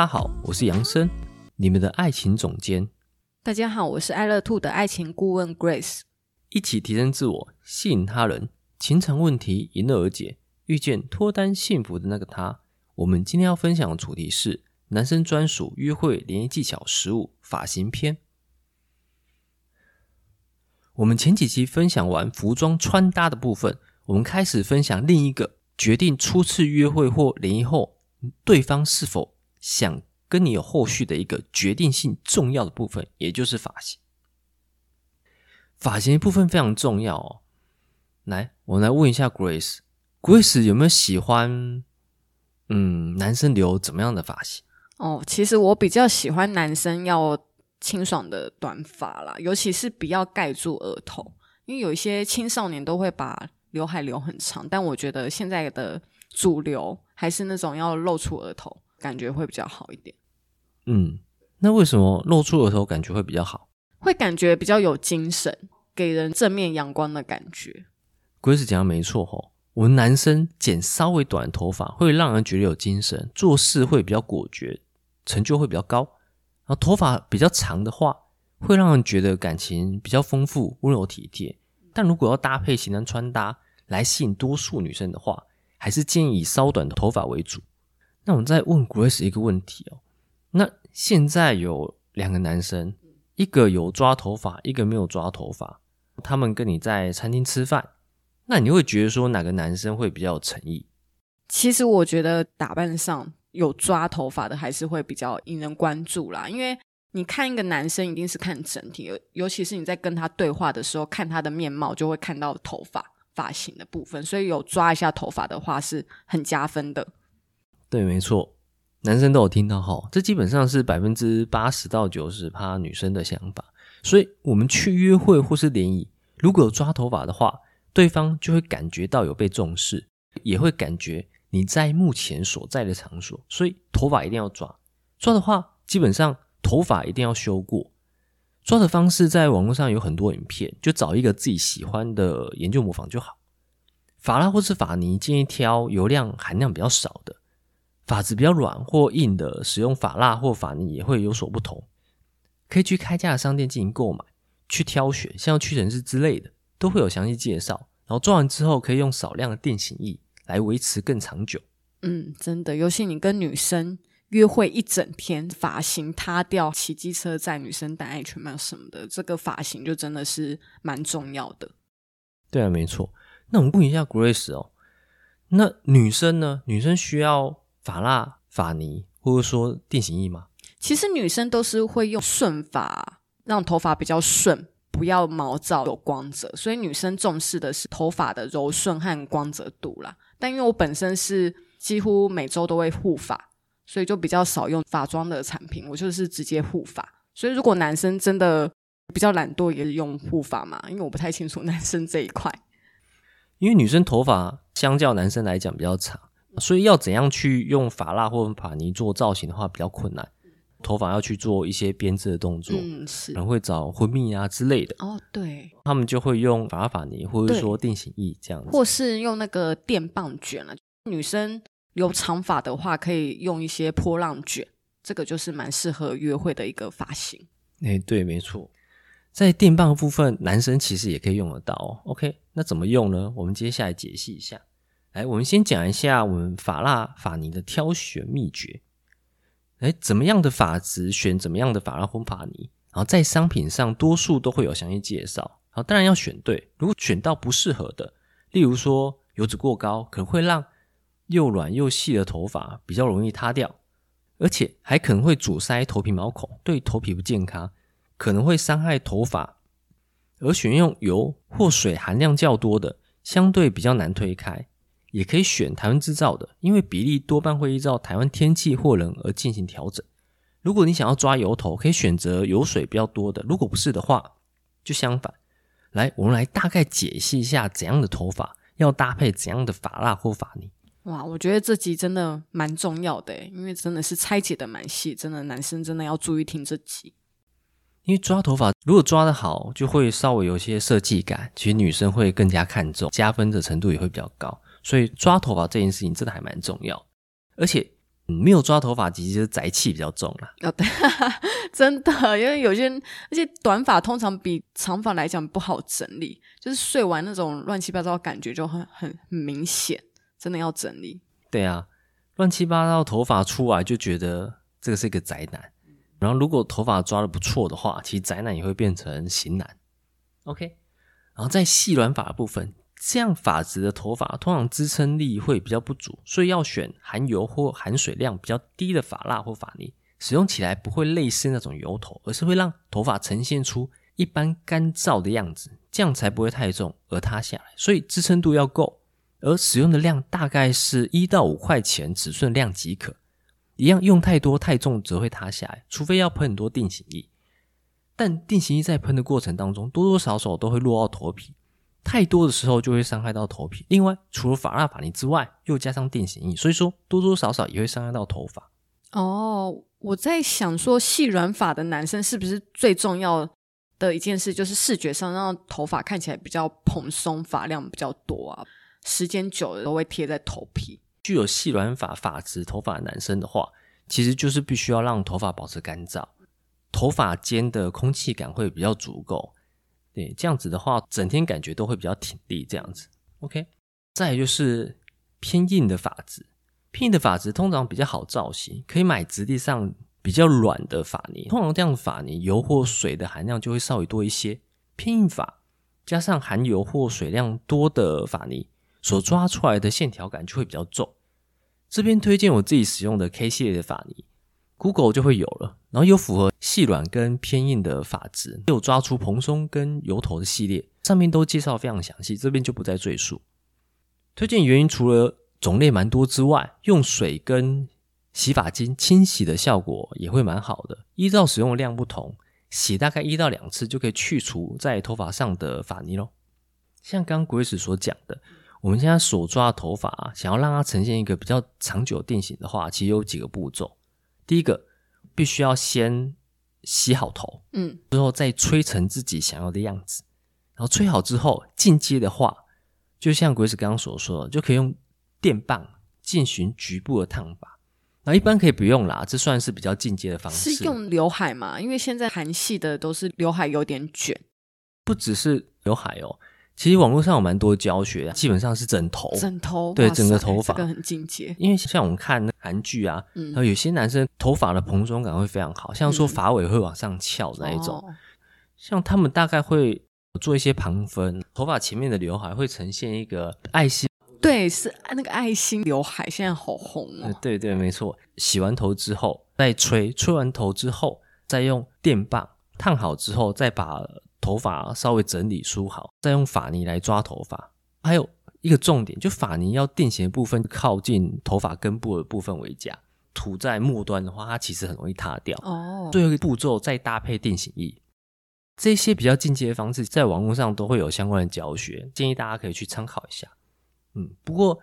大家好，我是 Sam，你們的愛情總監。大家好，我是愛樂 Two 的愛情顧問 Grace。一起提升自我，吸引他人，情場問題迎刃而解，遇見脫單幸福的那個他。我們今天要分享的主題是男生專屬約會聯誼技巧十五髮型篇。我們前幾期分享完服裝穿搭的部分，我們開始分享另一個決定初次約會或聯誼後對方是否想跟你有後續的一個決定性重要的部分，嗯、也就是髮型。髮型的部分非常重要哦。來，我來問一下 Grace，Grace、嗯、Grace 有沒有喜歡嗯男生留怎麼樣的髮型？哦，其實我比較喜歡男生要清爽的短髮啦，尤其是不要蓋住額頭，因為有一些青少年都會把劉海留很長，但我覺得現在的主流還是那種要露出額頭。感覺會比較好一點，嗯，那為什麼露出額頭感覺會比較好？會感覺比較有精神，給人正面陽光的感覺。Grace 講的沒錯哈、哦，我們男生剪稍微短的頭髮會讓人覺得有精神，做事會比較果決，成就會比較高。然後頭髮比較長的話，會讓人覺得感情比較豐富、溫柔體貼。但如果要搭配型男穿搭來吸引多數女生的話，還是建議以稍短的頭髮為主。那我們再問 Grace 一個問題哦。那現在有兩個男生，一個有抓頭髮，一個沒有抓頭髮。他們跟你在餐廳吃飯，那你會覺得說哪個男生會比較有誠意？其實我覺得打扮上有抓頭髮的還是會比較引人關注啦。因為你看一個男生，一定是看整體，尤其是你在跟他對話的時候，看他的面貌就會看到頭髮、髮型的部分。所以有抓一下頭髮的話，是很加分的。對，沒錯，男生都有聽到哈，這基本上是百分之八十到九十趴女生的想法。所以，我們去約會或是聯誼，如果抓頭髮的話，對方就會感覺到有被重視，也會感覺你在目前所在的場所。所以，頭髮一定要抓，抓的話，基本上頭髮一定要修過。抓的方式，在網絡上有很多影片，就找一個自己喜歡的研究模仿就好。髮蠟或是髮泥，建議挑油量含量比較少的。髮質比較軟或硬的，使用髮蠟或髮泥也會有所不同。可以去開架的商店進行購買，去挑選，像屈臣氏之類的都會有詳細介紹。然後做完之後，可以用少量的定型液來維持更長久。嗯，真的，尤其你跟女生約會一整天，髮型塌掉，騎機車載女生戴安全帽什麼的，這個髮型就真的是蠻重要的。對啊，沒錯。那我們問一下 Grace 哦，那女生呢？女生需要。髮蠟、髮泥，或者說定型液嗎？其實女生都是會用順髮，讓頭髮比較順，不要毛躁，有光澤。所以女生重視的是頭髮的柔順和光澤度啦。但因為我本身是幾乎每週都會護髮，所以就比較少用髮妝的產品。我就是直接護髮。所以如果男生真的比較懶惰，也用護髮嘛？因為我不太清楚男生這一塊。因為女生頭髮相較男生來講比較長。所以要怎樣去用髮蠟或者髮泥做造型的話，比較困難。頭髮要去做一些編織的動作，嗯，是，可能會找婚秘啊之類的。哦，對，他們就會用髮蠟、髮泥，或者說定型液這樣子。或是用那個電棒捲了啊，女生留長髮的話，可以用一些波浪捲，這個就是蠻適合約會的一個髮型。哎，對，沒錯，在電棒的部分，男生其實也可以用得到哦。OK，那怎麼用呢？我們接下來解析一下。來，我們先講一下我們髮蠟髮泥的挑選秘訣。哎，怎麼樣的髮質選怎麼樣的髮蠟或髮泥，然後在商品上多數都會有詳細介紹。好，當然要選對。如果選到不適合的，例如說油脂過高，可能會讓又軟又細的頭髮比較容易塌掉，而且還可能會阻塞頭皮毛孔，對頭皮不健康，可能會傷害頭髮。而選用油或水含量較多的，相對比較難推開。也可以選台灣制造的，因為比例多半會依照台灣天氣或冷而進行調整。如果你想要抓油頭，可以選擇油水比較多的；如果不是的話，就相反。來，我們來大概解析一下怎樣的頭髮要搭配怎樣的髮蠟或髮泥。哇，我覺得這集真的蠻重要的，因為真的是拆解的蠻細，真的男生真的要注意聽這集。因為抓頭髮如果抓得好，就會稍微有些設計感。其實女生會更加看重，加分的程度也會比較高。所以抓頭髮這件事情真的還蠻重要，而且沒有抓頭髮，其實就是宅氣比較重啦。哦，對啊，真的，因為有些人，而且短髮通常比長髮來講不好整理，就是睡完那種亂七八糟的感覺就很很很明顯，真的要整理。對啊，亂七八糟頭髮出來就覺得這個是一個宅男。然後如果頭髮抓得不錯的話，其實宅男也會變成型男。OK，然後在細軟髮部分。這樣髮質的頭髮通常支撐力會比較不足，所以要選含油或含水量比較低的髮蠟或髮泥，使用起來不會類似那種油頭，而是會讓頭髮呈現出一般乾燥的樣子，這樣才不會太重而塌下來。所以支撐度要夠，而使用的量大概是一到五塊錢尺寸量即可。一樣用太多太重則會塌下來，除非要噴很多定型液。但定型液在噴的過程當中，多多少少都會落到頭皮。太多的時候就會傷害到頭皮。另外，除了髮蠟髮泥之外，又加上定型液，所以說多多少少也會傷害到頭髮。哦、oh，我在想說細軟髮的男生是不是最重要的一件事，就是視覺上讓頭髮看起來比較蓬鬆、髮量比較多啊？時間久了都會貼在頭皮。具有細軟髮、髮質頭髮的男生的話，其實就是必須要讓頭髮保持乾燥，頭髮間的空氣感會比較足夠。對，這樣子的話，整天感覺都會比較挺立。這樣子，OK。再來就是偏硬的髮質，偏硬的髮質通常比較好造型，可以買質地上比較軟的髮泥。通常這樣的髮泥油或水的含量就會稍微多一些。偏硬髮加上含油或水量多的髮泥，所抓出來的線條感就會比較重。這邊推薦我自己使用的 K 系列的髮泥。Google 就會有了，然後又符合細軟跟偏硬的髮質，又抓出蓬鬆跟油頭的系列，上面都介紹非常詳細，這邊就不再贅述。推薦原因除了種類蠻多之外，用水跟洗髮精清洗的效果也會蠻好的。依照使用的量不同，洗大概一到兩次就可以去除在頭髮上的髮泥咯。像剛剛 Grace 所講的，我們現在所抓的頭髮，想要讓它呈現一個比較長久的定型的話，其實有幾個步驟。第一個必須要先洗好頭，嗯，之後再吹成自己想要的樣子。然後吹好之後，進階的話，就像鬼子剛剛所說的，就可以用電棒進行局部的燙髮。那一般可以不用啦，這算是比較進階的方式。是用劉海嗎？因為現在韓系的都是劉海有點捲，不只是劉海哦。其實網絡上有蠻多教學的，基本上是整頭，整頭對整個頭髮更、這個、境界，因為像我們看韓劇啊、嗯，然後有些男生頭髮的蓬鬆感會非常好，像說髮尾會往上翹那一種、嗯。像他們大概會做一些旁分、哦，頭髮前面的劉海會呈現一個愛心。對，是那個愛心劉海，現在好紅哦、嗯。對對，沒錯。洗完頭之後再吹，吹完頭之後再用電棒燙好之後，再把。頭髮稍微整理梳好，再用髮泥來抓頭髮。還有一個重點，就髮泥要定型的部分靠近頭髮根部的部分為佳，塗在末端的話，它其實很容易塌掉。哦、oh.。最後一個步驟再搭配定型液，這些比較進階的方式，在網絡上都會有相關的教學，建議大家可以去參考一下。嗯，不過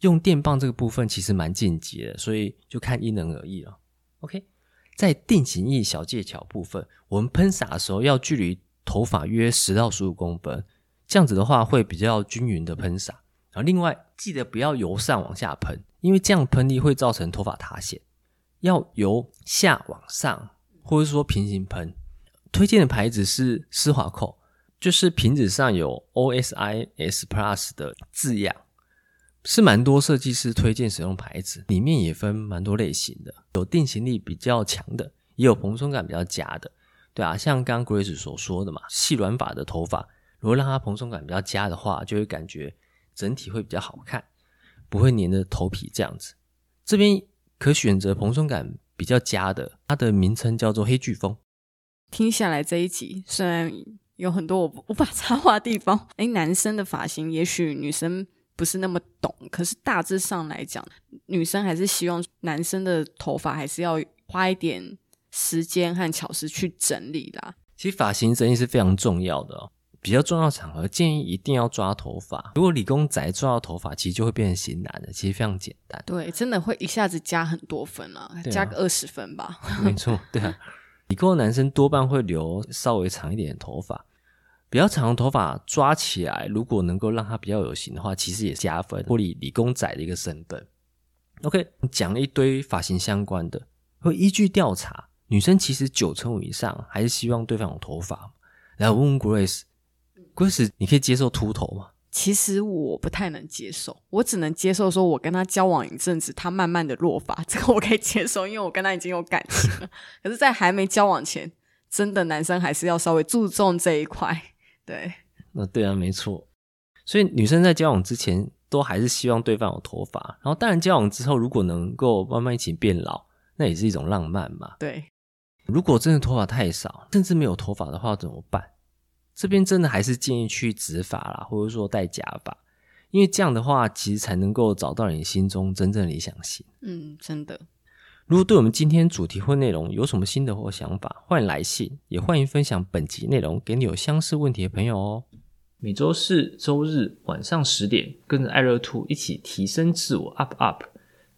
用電棒這個部分其實蠻進階的，所以就看因人而異了。OK，在定型液小技巧部分，我們噴灑的時候要距離。頭髮約十到十五公分，這樣子的話會比較均勻的噴灑。然後另外記得不要由上往下噴，因為這樣噴力會造成頭髮塌陷，要由下往上，或者說平行噴。推薦的牌子，是施華蔻，就是瓶子上有 OSIS Plus 的字樣，是蠻多設計師推薦使用牌子。裡面也分蠻多類型的，有定型力比較強的，也有蓬鬆感比較佳的。對啊，像剛剛 Grace 所說的嘛，細軟髮的頭髮，如果讓它蓬鬆感比較佳的話，就會感覺整體會比較好看，不會粘着頭皮這樣子。這邊可選擇蓬鬆感比較佳的，它的名稱叫做黑颶風。聽下來這一集，雖然有很多我無法插話的地方，哎，男生的髮型也許女生不是那麼懂，可是大致上來講，女生還是希望男生的頭髮還是要花一點。時間和巧思去整理啦。其實髮型整理是非常重要的哦，比較重要的場合建議一定要抓頭髮。如果理工仔抓到頭髮，其實就會變成型男的，其實非常簡單，對，真的會一下子加很多分了啊啊，加個二十分吧。沒錯，對啊， 理工的男生多半會留稍微長一點的頭髮，比較長的頭髮抓起來，如果能夠讓他比較有型的話，其實也是加分，脫離理，理工仔的一個身份。OK，講一堆髮型相關的，會依據調查。女生其實九成五以上還是希望對方有頭髮，來問問 Grace，Grace，Grace 你可以接受禿頭嗎？其實我不太能接受，我只能接受說，我跟他交往一陣子，他慢慢的落髮，這個我可以接受，因為我跟他已經有感情了。 可是，在還沒交往前，真的男生還是要稍微注重這一塊，對。那對啊，沒錯。所以女生在交往之前，都還是希望對方有頭髮，然後當然交往之後，如果能夠慢慢一起變老，那也是一種浪漫嘛，對。如果真的頭髮太少，甚至沒有頭髮的話怎麼辦？這邊真的還是建議去植髮啦，或者說戴假髮，因為這樣的話其實才能夠找到你心中真正理想型。嗯，真的。如果對我們今天主題或內容有什麼心得或想法，歡迎來信，也歡迎分享本集內容給你有相似問題的朋友哦。每周四、周日晚上十點，跟着愛樂 Two 一起提升自我，up up。